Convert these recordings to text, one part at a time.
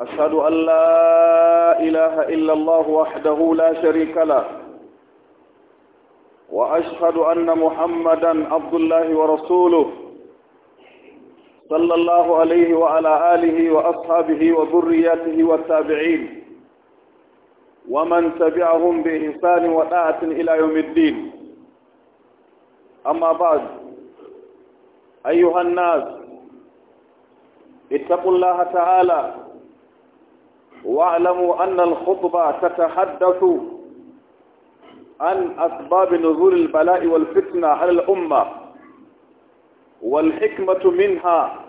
أشهد أن لا إله إلا الله وحده لا شريك له وأشهد أن محمدا عبد الله ورسوله صلى الله عليه وعلى آله وأصحابه وذرياته والتابعين ومن تبعهم بإحسان وطاعة إلى يوم الدين أما بعد أيها الناس اتقوا الله تعالى واعلموا أن الخطبة تتحدث عن أسباب نزول البلاء والفتنة على الأمة والحكمة منها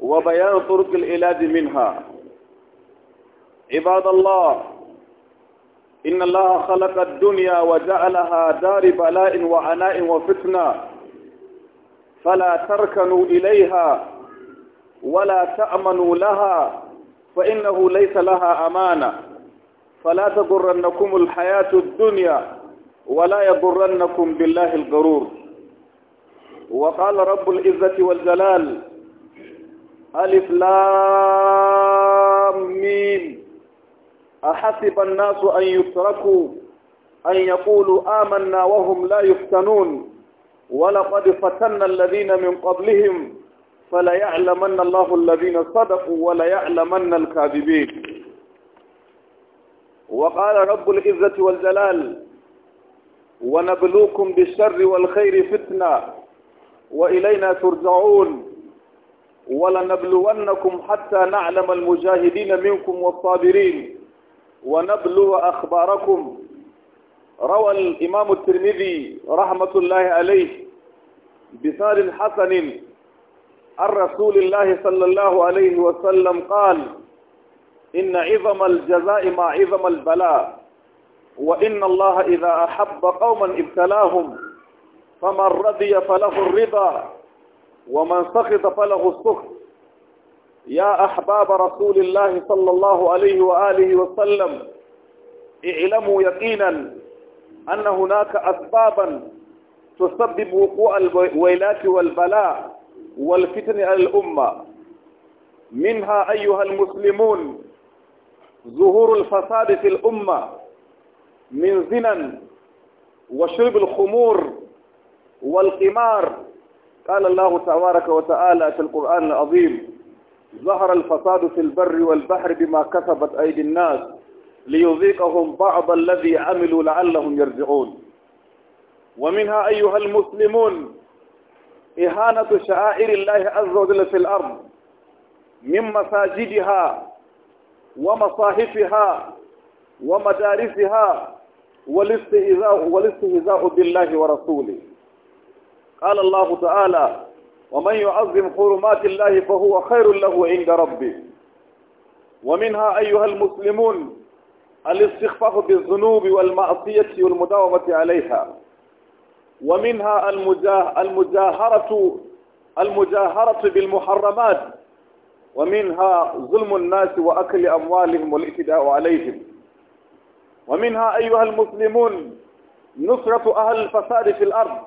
وبيان طرق العلاج منها عباد الله إن الله خلق الدنيا وجعلها دار بلاء وعناء وفتنة فلا تركنوا إليها ولا تأمنوا لها فإنه ليس لها أمانة فلا تضرنكم الحياة الدنيا ولا يضرنكم بالله الغرور وقال رب العزة والجلال ألف لام ميم أحسب الناس أن يتركوا أن يقولوا آمنا وهم لا يفتنون ولقد فتنا الذين من قبلهم فليعلمن الله الذين صدقوا وليعلمن الكاذبين وقال رب العزة والجلال ونبلوكم بالشر والخير فتنة وإلينا ترجعون ولنبلونكم حتى نعلم المجاهدين منكم والصابرين ونبلو أخباركم روى الإمام الترمذي رحمة الله عليه بسار حسن عن رسول الله صلى الله عليه وسلم قال إن عظم الجزاء ما عظم البلاء وإن الله إذا أحب قوما ابتلاهم فمن رضي فله الرضا ومن سخط فله السخط يا أحباب رسول الله صلى الله عليه وآله وسلم اعلموا يقينا أن هناك أسبابا تسبب وقوع الويلات والبلاء والفتن على الأمة منها أيها المسلمون ظهور الفساد في الأمة من زنا وشرب الخمور والقمار قال الله تبارك وتعالى في القرآن العظيم ظهر الفساد في البر والبحر بما كسبت أيدي الناس ليذيقهم بعض الذي عملوا لعلهم يرجعون ومنها أيها المسلمون إهانة شعائر الله عز وجل في الأرض من مساجدها ومصاحفها ومدارسها والاستهزاء والاستهزاء بالله ورسوله قال الله تعالى ومن يعظم حرمات الله فهو خير له عند ربه ومنها أيها المسلمون الاستخفاف بالذنوب والمعصية والمداومة عليها ومنها المجاهرة المجاهرة بالمحرمات ومنها ظلم الناس وأكل أموالهم والاعتداء عليهم ومنها أيها المسلمون نصرة أهل الفساد في الأرض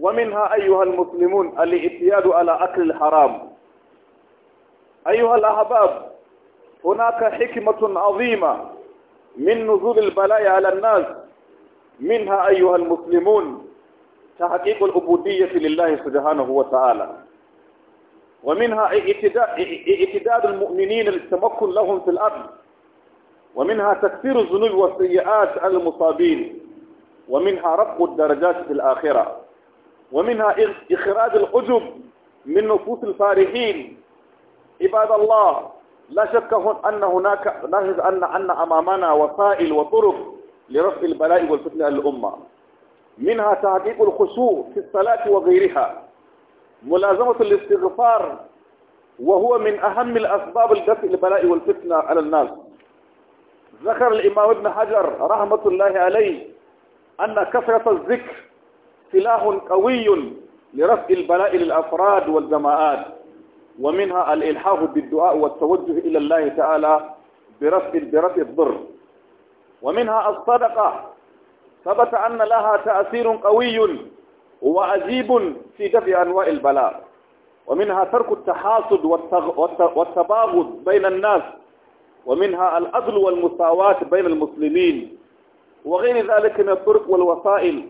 ومنها أيها المسلمون الاعتياد على أكل الحرام أيها الأحباب هناك حكمة عظيمة من نزول البلاء على الناس منها أيها المسلمون تحقيق العبودية لله سبحانه وتعالى ومنها اعتداد المؤمنين للتمكن لهم في الأرض ومنها تكثير الذنوب والسيئات على المصابين ومنها رفع الدرجات في الآخرة ومنها إخراج العجب من نفوس الفارحين عباد الله لا شك أن هناك نجد أن أن أمامنا وسائل وطرق لرفع البلاء والفتنة للأمة منها تعذيب الخشوع في الصلاة وغيرها ملازمة الاستغفار وهو من أهم الأسباب لدفع البلاء والفتنة على الناس ذكر الإمام ابن حجر رحمة الله عليه أن كثرة الذكر سلاح قوي لرفع البلاء للأفراد والجماعات ومنها الإلحاح بالدعاء والتوجه إلى الله تعالى برفع برفع الضر ومنها الصدقة ثبت أن لها تأثير قوي وعجيب في دفع أنواع البلاء ومنها ترك التحاسد والتباغض بين الناس ومنها العدل والمساواة بين المسلمين وغير ذلك من الطرق والوسائل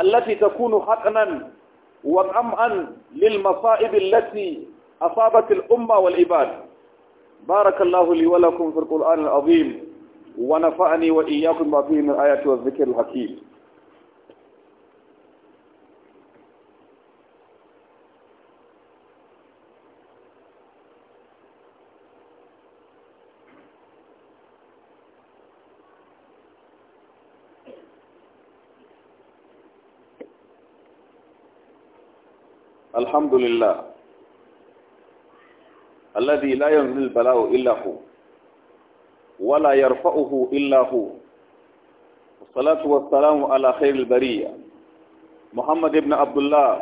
التي تكون حقنا وطمعا للمصائب التي أصابت الأمة والعباد بارك الله لي ولكم في القرآن العظيم ونفعني وإياكم ما فيه من الآيات والذكر الحكيم الحمد لله الذي لا ينزل البلاء إلا هو ولا يرفعه إلا هو والصلاة والسلام على خير البرية محمد بن عبد الله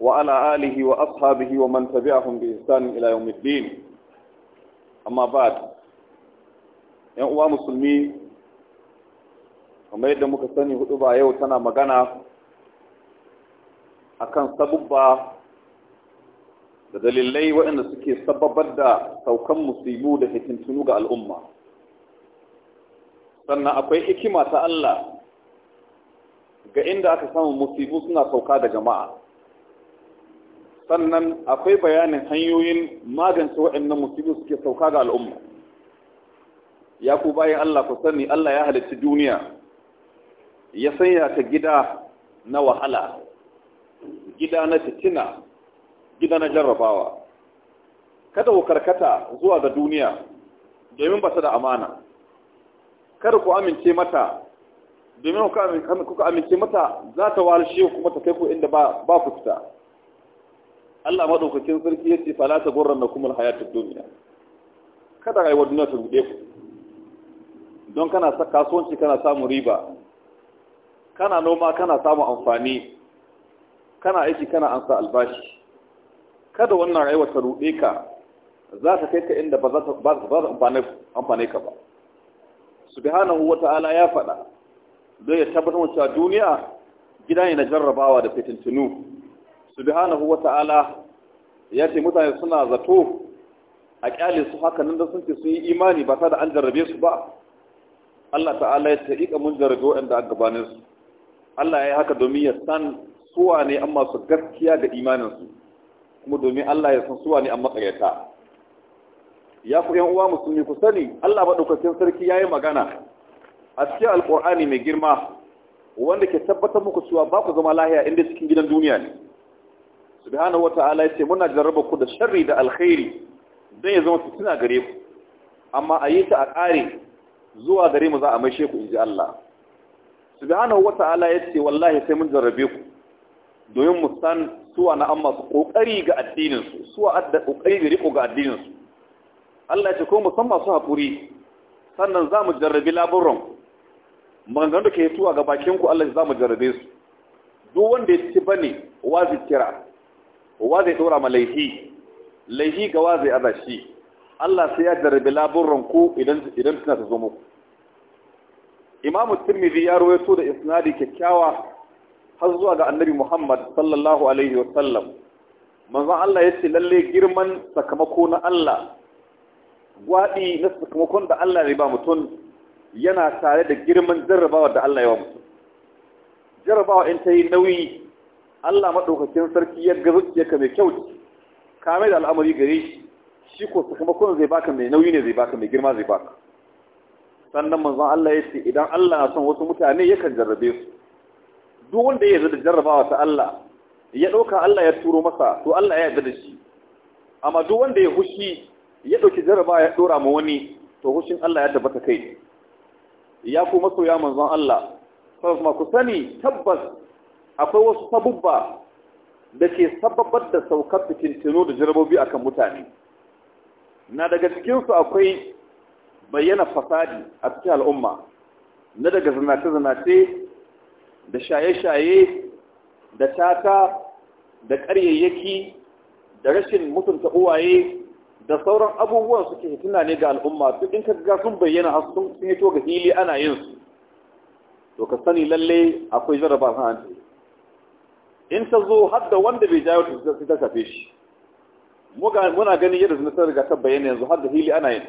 وعلى آله وأصحابه ومن تبعهم بإحسان إلى يوم الدين أما بعد ‘yan uwa musulmi kamar yadda muka sani hudu ba yau tana magana akan sabubba da dalilai waɗanda suke sababar da saukan musibu da hitintunu ga al'umma sannan akwai hikima ta Allah ga inda aka samu musibu suna sauka da jama'a sannan akwai bayanin hanyoyin magance waɗannan musibu suke sauka ga al'umma ya ku bayan Allah ku sani Allah ya halitta duniya ya sanya ta gida na wahala gida na fitina gida na jarrabawa kada ku karkata zuwa ga duniya domin ba da amana kada ku amince mata domin kuka amince mata za ta walshe kuma ta kai ku inda ba ku fita Allah madaukakin sarki ya ce fala ta gurran na kuma hayatar duniya kada rayuwar duniya ta rude ku don kana kasuwanci kana samun riba kana noma kana samun amfani kana aiki kana ansa albashi kada wannan rayuwar ta rude ka za ta kai ka inda ba za ta amfane ka ba subhanahu wa ta'ala ya faɗa don ya tabbatar cewa duniya gida ne na jarrabawa da fitintunu subhanahu wa ta'ala ya ce mutane suna zato a kyale su haka nan da sun ce sun yi imani ba ta da an jarrabe su ba Allah ta'ala ya ce ika mun jarrabe waɗanda a gabanin su Allah ya yi haka domin ya san suwa ne an masu gaskiya da imaninsu kuma domin Allah ya san suwa ne an matsayata ya ku yan uwa musulmi ku sani Allah madaukakin sarki ya yi magana a cikin alqur'ani mai girma wanda ke tabbatar muku cewa ba ku zama lahiya inda cikin gidan duniya ne subhanahu wata'ala yace muna jarraba ku da sharri da alkhairi dan ya zama fitina gare ku amma a yi ta a ƙare zuwa gare mu za a maishe ku inji Allah subhanahu wata'ala yace wallahi sai mun jarrabe ku domin mu san suwa na amma su kokari ga addinin suwa adda kokari ga riko ga addinin Allah ce ko musamman su haƙuri sannan za mu jarrabi laburan maganganun da ke tuwa ga bakinku Allah za mu jarrabe su duk wanda ya ci bane wazi kira wazi dora ma laihi laihi ga wazi azashi Allah sai ya jarrabi laburan ku idan idan tana ta zo muku Imam Tirmidhi ya rawaito da isnadi kyakkyawa har zuwa ga Annabi Muhammad sallallahu alaihi wa sallam manzon Allah yace lalle girman sakamako na Allah gwaɗi na sakamakon da Allah ya ba mutum yana tare da girman jarrabawa da Allah ya ba mutum jarrabawa in ta yi nauyi Allah maɗaukakin sarki ya ga ka mai kyau kame da al'amari gare shi shi ko sakamakon zai baka mai nauyi ne zai baka mai girma zai baka sannan manzon Allah ya ce idan Allah na son wasu mutane yakan jarrabe su duk wanda ya da jarrabawa ta Allah ya ɗauka Allah ya turo masa to Allah ya yarda da shi amma duk wanda ya hushi ya ɗauki jaraba ya ɗora ma wani to hushin Allah ya tabbata kai ya ku ya manzon Allah ma ku sani tabbas akwai wasu sabubba da ke sababbar da saukar fitintino da jarabobi akan mutane na daga cikinsu akwai bayyana fasadi a cikin al'umma na daga zanace-zanace da shaye-shaye da taka-taka, da ƙaryayyaki da rashin mutunta uwaye da sauran abubuwan suke fitina ne ga al'umma duk in ka ga sun bayyana har sun sun hito ga hili ana yin su to ka sani lalle akwai jaraba kan an in ta zo har da wanda bai jayo ta sai ta shafe shi muna ganin yadda zina ta riga ta bayyana yanzu har da hili ana yin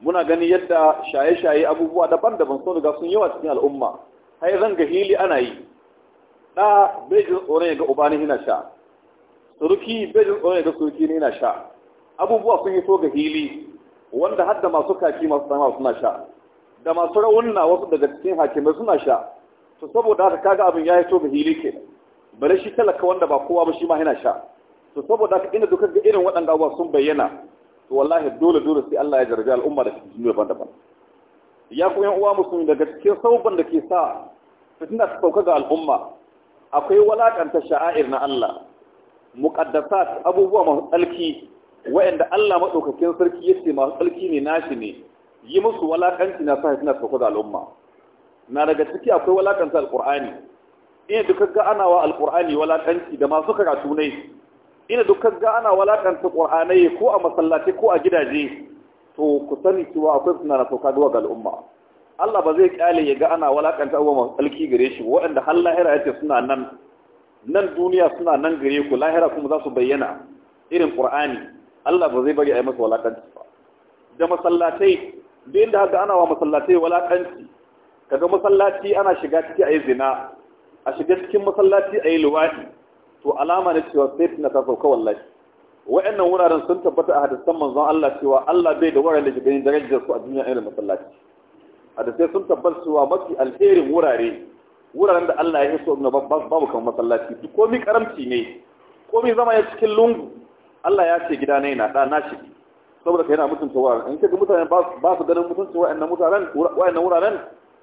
muna ganin yadda shaye-shaye abubuwa daban-daban sun riga sun yawa cikin al'umma har zan ga hili ana yi Da bai jin tsoron ya ga uba yana sha suruki bai jin tsoron ya ga suruki ne yana sha abubuwa sun hito ga hili wanda hadda masu kaki masu sama suna sha da masu rawunna wasu daga cikin hakimai suna sha to saboda haka kaga abin ya hito ga hili ke bare shi talaka wanda ba kowa ba shi ma yana sha to saboda haka ina duka ga irin waɗanda abubuwa sun bayyana to wallahi dole dole sai Allah ya jarabi al'umma da cikin daban-daban ya ku yan uwa musulmi daga cikin sauban da ke sa fitina ta sauka ga al'umma akwai walakanta sha'air na Allah muqaddasat abubuwa masu tsalki wa'anda Allah madaukakin sarki yace masu sarki ne nashi ne yi musu walakanci na sai suna sauka da al'umma na daga ciki akwai walakanta Alƙur'ani. ina duka ga ana wa alqur'ani walakanci da masu karatu ne ina duka ga ana walakanta ƙur'anai ko a masallaci ko a gidaje to ku sani cewa akwai suna na sauka ga al'umma Allah ba zai kyale ya ga ana walakanta abubuwa masu tsalki gare shi waɗanda har lahira ya ce suna nan nan duniya suna nan gare ku lahira kuma za su bayyana irin ƙur'ani Allah ba zai bari a yi masa walakanci ba da masallatai duk da haka ana wa masallatai walakanci kaga masallaci ana shiga ciki a yi zina a shiga cikin masallaci a yi luwadi to alama ne cewa sai na ta sauka wallahi wa'annan wuraren sun tabbata a hadisan manzon Allah cewa Allah bai da wuraren da ke ganin darajar su a duniya irin masallaci hadisai sun tabbata cewa mafi alherin wurare wuraren da Allah ya so na babu kan masallaci duk komai karamci ne komai zama ya cikin lungu Allah ya ce gida na 'Da ɗa na shi saboda ka yana mutunta wuraren in kaga mutane ba su ganin mutunta wa'annan mutanen wa'annan wuraren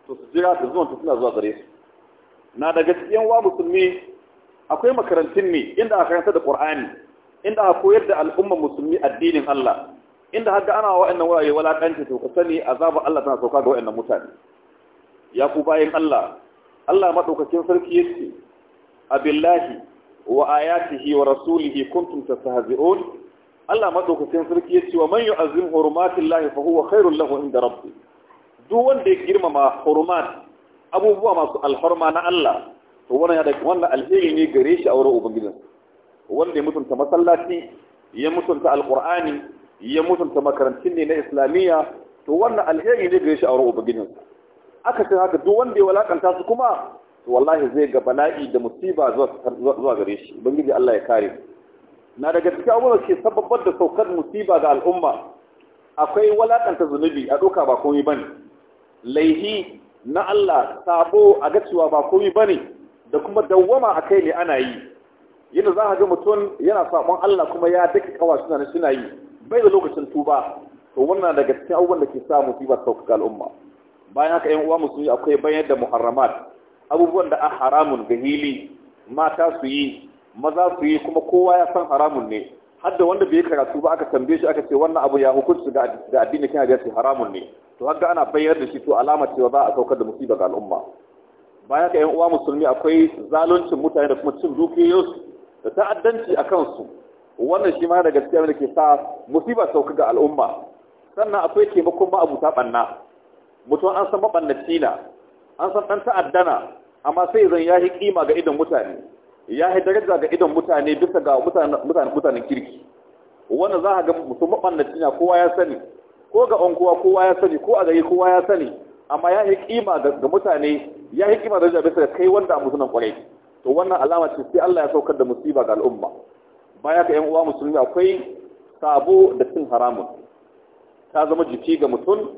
to su jira su zuwan suna zuwa gare su na daga cikin wa musulmi akwai makarantun ne inda aka karanta da Qur'ani inda aka koyar da al'umma musulmi addinin Allah inda har da ana wa'annan wurare kanta to ka sani azabar Allah tana sauka ga wa'annan mutane ya ku bayan Allah Allah madaukakin sarki yake abillahi wa ayatihi wa rasulihi kuntum tastahzi'un Allah madaukakin sarki yace wa man yu'azzim hurumatillahi fa huwa khairul lahu inda rabbi duk wanda ya girmama hurumat abubuwa masu alhurma na Allah to wannan ya daga wannan alheri ne gare shi a wurin ubangijin wanda ya mutunta masallaci ya mutunta alqur'ani ya mutunta makarantun ne na islamiyya to wannan alheri ne gare shi a wurin ubangijin aka san haka duk wanda ya walakanta su kuma wallahi zai ga bala'i da musiba zuwa gare shi ubangiji Allah ya kare na daga cikin abubuwa ke sababbar da saukar musiba ga al'umma akwai walakanta zunubi a doka ba komai bane laihi na Allah sabo a ga cewa ba komai bane da kuma dawwama a kai ne ana yi yadda za a ga mutum yana saƙon Allah kuma ya daki kawa suna na suna yi bai da lokacin tuba to wannan daga cikin abubuwan da ke sa musiba sauƙaƙa al'umma bayan haka yan uwa musulmi akwai bayan da muharramat abubuwan da a haramun ga hili mata su yi maza su yi kuma kowa ya san haramun ne Hadda wanda bai karatu ba aka tambaye shi aka ce wannan abu ya hukunci ga addini kan ya shi haramun ne to haka ana bayar da shi to alama cewa za a saukar da musiba ga al'umma baya ga yan uwa musulmi akwai zaluncin mutane da kuma cin dukiyoyinsu da ta'addanci a kansu wannan shi ma da gaskiya da ke sa musiba sauka ga al'umma sannan akwai taimakon ma'abuta banna mutum an san mabannaci na an san ɗan ta'addana amma sai zan ya yi ƙima ga idan mutane ya yi daraja ga idan mutane bisa ga mutanen kirki wanda za a ga mutum maɓannaci na kowa ya sani ko ga unguwa kowa ya sani ko a gari kowa ya sani amma ya yi ƙima ga mutane ya yi ƙima daraja bisa ga kai wanda a mutunan ƙwarai to wannan alama ce sai Allah ya saukar da musiba ga al'umma baya ka 'yan uwa musulmi akwai sabo da cin haramun ta zama jiki ga mutum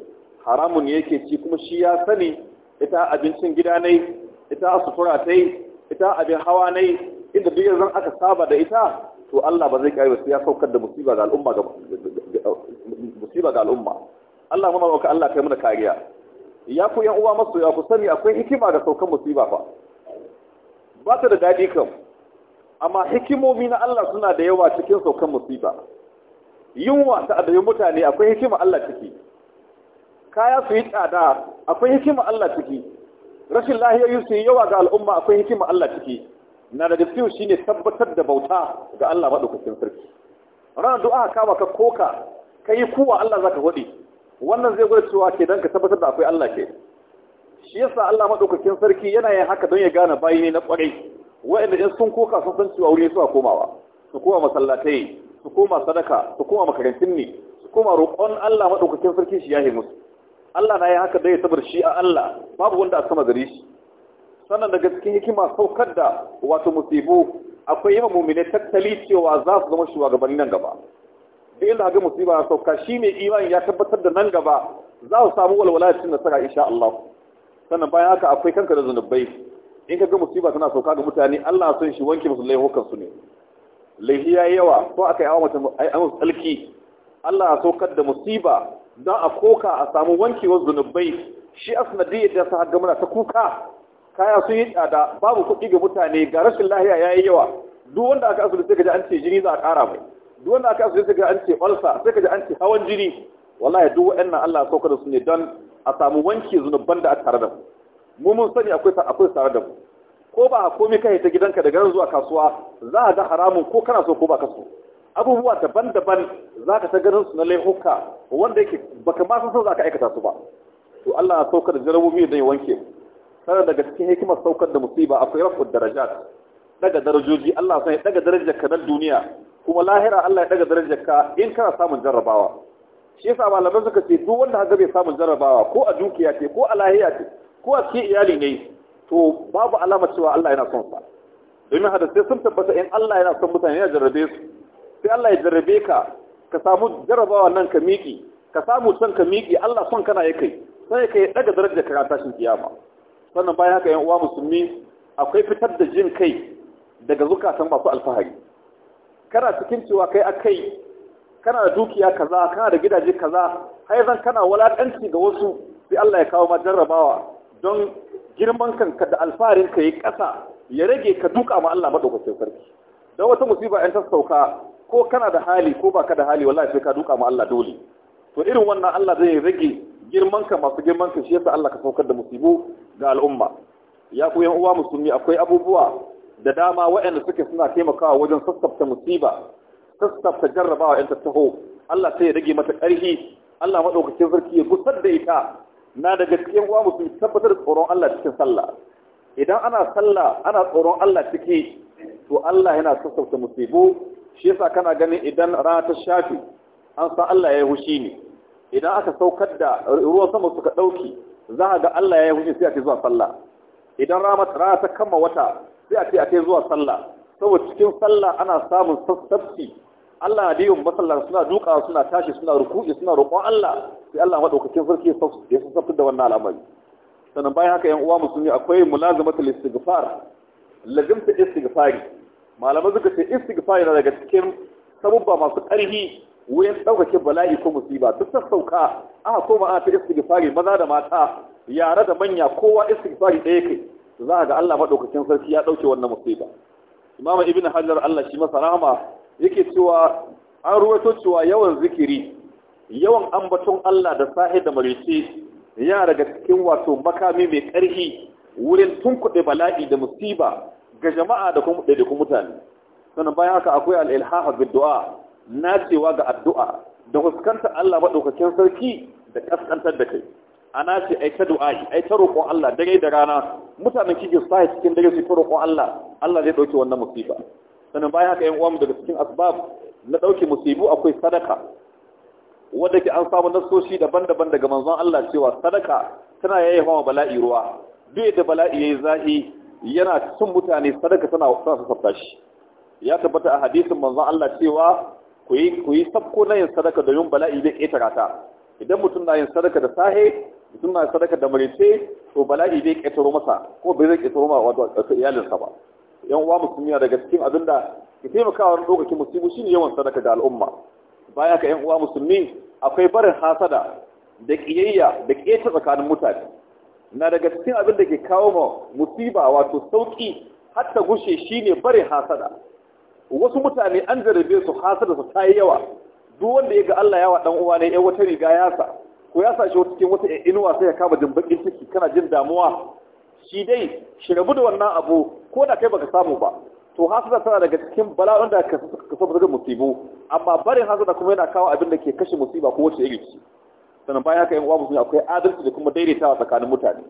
haramun yake ci kuma shi ya sani ita abincin gida ne ita sutura ta yi ita abin hawa ne inda duk yanzu aka saba da ita to Allah ba zai kare sai ya saukar da musiba ga al'umma ga musiba ga al'umma Allah muna roƙa Allah kai muna kariya ya ku yan uwa masoya ku sani akwai hikima ga saukan musiba fa ba ta da dadi kam amma hikimomi na Allah suna da yawa cikin saukan musiba yunwa ta adayin mutane akwai hikima Allah ciki kaya su yi tsada akwai hikima Allah ciki rashin lahiyoyi su yi yawa ga al'umma akwai hikima Allah ciki na da gaskiya shine tabbatar da bauta ga Allah madaukakin sarki ranar du'a kama ka koka kai kuwa Allah zaka waɗi. wannan zai gwada cewa ke dan ka tabbatar da akwai Allah ke shi yasa Allah madaukakin sarki yana yin haka don ya gane bayi ne na kwarai wa'anda in sun koka sun san cewa wuri suwa komawa su koma masallatai su koma sadaka su koma makarantun ne su koma roƙon Allah maɗaukakin sarki shi yahe musu Allah na yi haka dai sabar shi a Allah babu wanda a sama gari shi sannan daga cikin hikima saukar da wato musibu akwai yawan mummune tattali cewa za su zama shugabanni nan gaba Da inda haka musiba ya sauka shi mai imani ya tabbatar da nan gaba za su samu walwala cikin nasara insha Allah sannan bayan haka akwai kanka da zunubai in ka ga musiba tana sauka ga mutane Allah son shi wanke musu laihukan su ne laifi yayi yawa ko aka yi awa mutum ai an tsalki Allah ya saukar da musiba za a koka a samu wankewar zunubai shi asnadiyar da sa muna ta kuka kaya sun yi tsada babu kuɗi ga mutane ga rashin lahiya ya yi yawa duk wanda aka asibiti sai ka an ce jini za a ƙara mai duk wanda aka asibiti sai ka an ce ulsa sai ka an ce hawan jini wallahi duk waɗannan Allah ya sauka da su ne don a samu wanke zunuban da a tare da mu mu mun sani akwai akwai tare da mu ko ba komai kai ta gidanka daga nan zuwa kasuwa za a ga haramun ko kana so ko ba ka so abubuwa daban-daban za ka ta ganin su na laihuka wanda yake baka masu san za ka aikata su ba to Allah na saukar da jarabumi da ya wanke mu daga cikin hikimar saukar da musiba akwai rafin daraja, daga darajoji Allah sai daga darajar ka nan duniya kuma lahira Allah ya daga darajar ka in kana samun jarrabawa shi yasa malaman suka ce duk wanda haka bai samun jarrabawa ko a dukiya ce ko a lahiya ce ko a cikin iyali ne to babu alama cewa Allah yana son sa domin hadisai sun tabbata in Allah yana son mutane ya jarrabe su sai Allah ya jarrabe ka ka samu jarrabawa nan ka miƙi ka samu son ka miƙi Allah son kana ya kai sai ka yi daga darajar ka tashin kiyama sannan bayan haka yan uwa musulmi akwai fitar da jin kai daga zukatan masu alfahari kana cikin cewa kai akai kana da dukiya kaza kana da gidaje kaza har zan kana walakanci ga wasu sai Allah ya kawo ma jarrabawa don girman kanka da alfaharin ka yi ƙasa ya rage ka duka ma Allah madaukakin sarki don wata musiba yan ta sauka ko kana da hali ko baka da hali wallahi sai ka duka ma Allah dole to irin wannan Allah zai rage girman ka masu girman ka shi yasa Allah ka saukar da musibu ga al'umma ya ku yan uwa musulmi akwai abubuwa da dama waɗanda suke suna taimakawa wajen sassafta musiba sassafta jarrabawa yan tattaho Allah sai ya rage mata ƙarfi Allah madaukakin sarki ya gusar da ita na da cikin uwa musulmi tabbatar tsoron Allah cikin sallah idan ana sallah ana tsoron Allah ciki to Allah yana sassafta musibu shi yasa kana ganin idan rana ta shafi an san Allah ya hushi ne idan aka saukar da ruwan sama suka ɗauki za a ga Allah ya hushi sai a ce zuwa sallah idan rana ta kama wata sai a ce a ce zuwa sallah saboda cikin sallah ana samun sassafi Allah na diyun masallar suna duka suna tashi suna ruku'i suna roƙon Allah sai Allah madaukakin sarki ya sassabta da wannan al'amari sannan bayan haka yan uwa musulmi akwai mulazamatul istighfar lazimta istighfari malamai suka ce istighfar yana daga cikin sabubba masu ƙarfi wurin ɗaukake bala'i ko musiba duk sassauka aka koma ana ta istighfari maza da mata yara da manya kowa istighfari ɗaya kai za ga Allah maɗaukakin sarki ya ɗauke wannan musiba imam ibn hajar Allah shi masa rahama yake cewa an ruwaito cewa yawan zikiri yawan ambaton Allah da sahi da marice yana daga cikin wato makami mai ƙarfi wurin tunkuɗe bala'i da musiba ga jama'a da kuma ɗaiɗaikun mutane sannan bayan haka akwai al'ilhaha bin du'a nacewa ga addu'a da fuskanta Allah maɗaukakin sarki da ƙasƙantar da kai ana ce ai ta du'a'i ai ta roƙon Allah dare da rana mutanen kike su sai cikin dare su ta roƙon Allah Allah zai dauke wannan musiba sannan bayan haka ƴan uwanmu daga cikin asbab na dauke musibu akwai sadaka wanda ke an samu nasoshi daban-daban daga manzon Allah cewa sadaka tana yayyafa bala'i ruwa duk da bala'i yayi zahi yana cin mutane sadaka tana sa safta shi ya tabbata a hadisin manzon Allah cewa ku yi ku yi sabko na yin sadaka domin bala'i bai ƙetara ta idan mutum na yin sadaka da sahe mutum na sadaka da marice to bala'i bai ƙetaro masa ko bai zai ƙetaro ma wato iyalinsa ba yan uwa musulmi daga cikin abin da ke taimaka wa lokacin musibu shine yawan sadaka ga al'umma baya ka yan uwa musulmi akwai barin hasada da ƙiyayya da ƙeta tsakanin mutane na daga cikin abin da ke kawo ma musiba wato sauki hatta gushe ne bare hasada wasu mutane an jarabe su hasada su tayi yawa duk wanda ya ga Allah yawa dan uwa ne ya wata riga ya sa ko ya sa shi cikin wata inuwa sai ya kama jin bakin ciki kana jin damuwa shi dai shi da wannan abu ko da kai baka samu ba to hasada tana daga cikin bala'un da ka saba daga musibu amma barin hasada kuma yana kawo abin da ke kashe musiba ko wace iri ce sannan bayan haka yan uwa musulmi akwai adalci da kuma daidaitawa tsakanin mutane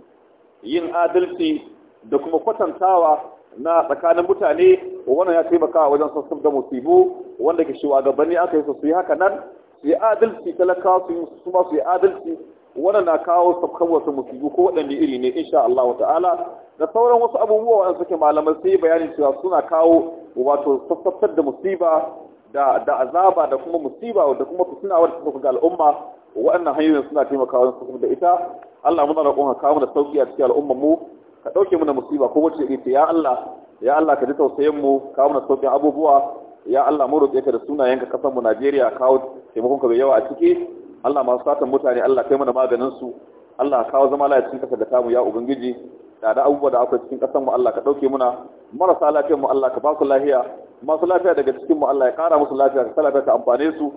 yin adalci da kuma kwatantawa na tsakanin mutane wannan ya taimaka wajen sassan da musibu wanda ke shiwa gabanni aka yi su yi haka nan su yi adalci talakawa su yi su masu yi adalci wannan na kawo sabkan wasu musibu ko waɗanne iri ne insha Allah wa ta'ala da sauran wasu abubuwa waɗanda suke malamai sai bayanin cewa suna kawo wato sassan da musiba da da azaba da kuma musiba da kuma fitina wadda suka al'umma waɗannan hanyoyin suna taimakawa su da ita Allah muna kawo da sauki a cikin al'ummar mu ka dauke mana musiba ko wacce ita ya Allah ya Allah ka ji tausayin mu kawo mana sauki abubuwa ya Allah mu roƙe ka da sunayen ka mu Najeriya kawo taimakon ka yawa a ciki Allah masu satan mutane Allah kai mana maganin su Allah kawo zama lafiya cikin kasar da tamu ya ubangiji da da abubuwa da akwai cikin mu Allah ka ɗauke muna marasa lafiyar mu Allah ka ba su lafiya masu lafiya daga cikin mu Allah ya kara musu lafiya ka lafiya ta amfane su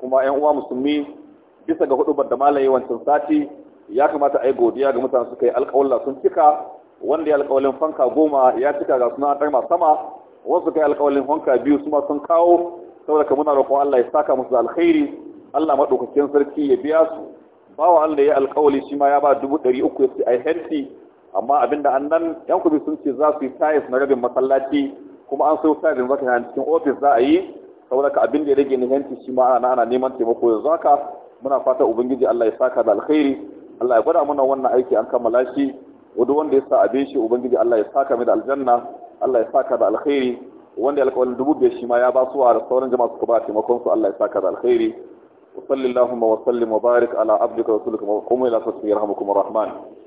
kuma ƴan uwa musulmi bisa ga hudu da malaye wancan sati ya kamata a yi godiya ga mutane suka yi alƙawalla sun cika wanda ya alƙawalin fanka goma ya cika ga suna ɗan sama wasu suka yi alƙawalin fanka biyu su ma sun kawo saboda ka muna roƙon Allah ya saka musu alkhairi Allah maɗaukakin sarki ya biya su bawa Allah ya alƙawali shi ma ya ba dubu ɗari uku ya ce a yi amma abinda annan yan kubi sun ce za su yi tayis na rabin masallaci kuma an sayo tsarin zaka a cikin ofis za a yi saboda ka abin da ya rage nihanci shi ma ana ana neman taimako yanzu haka muna fata ubangiji Allah ya saka da alkhairi Allah ya gwada mana wannan aiki an kammala shi wanda wanda ya sa abin shi ubangiji Allah ya saka mai da aljanna Allah ya saka da alkhairi wanda ya alƙawarin dubu biyar shi ma ya ba su da sauran jama'a suka ba taimakon su Allah ya saka da alkhairi wa sallallahu wa sallim wa barik ala abdika rasulika wa qumu ila tasbih yarhamukum Rahman.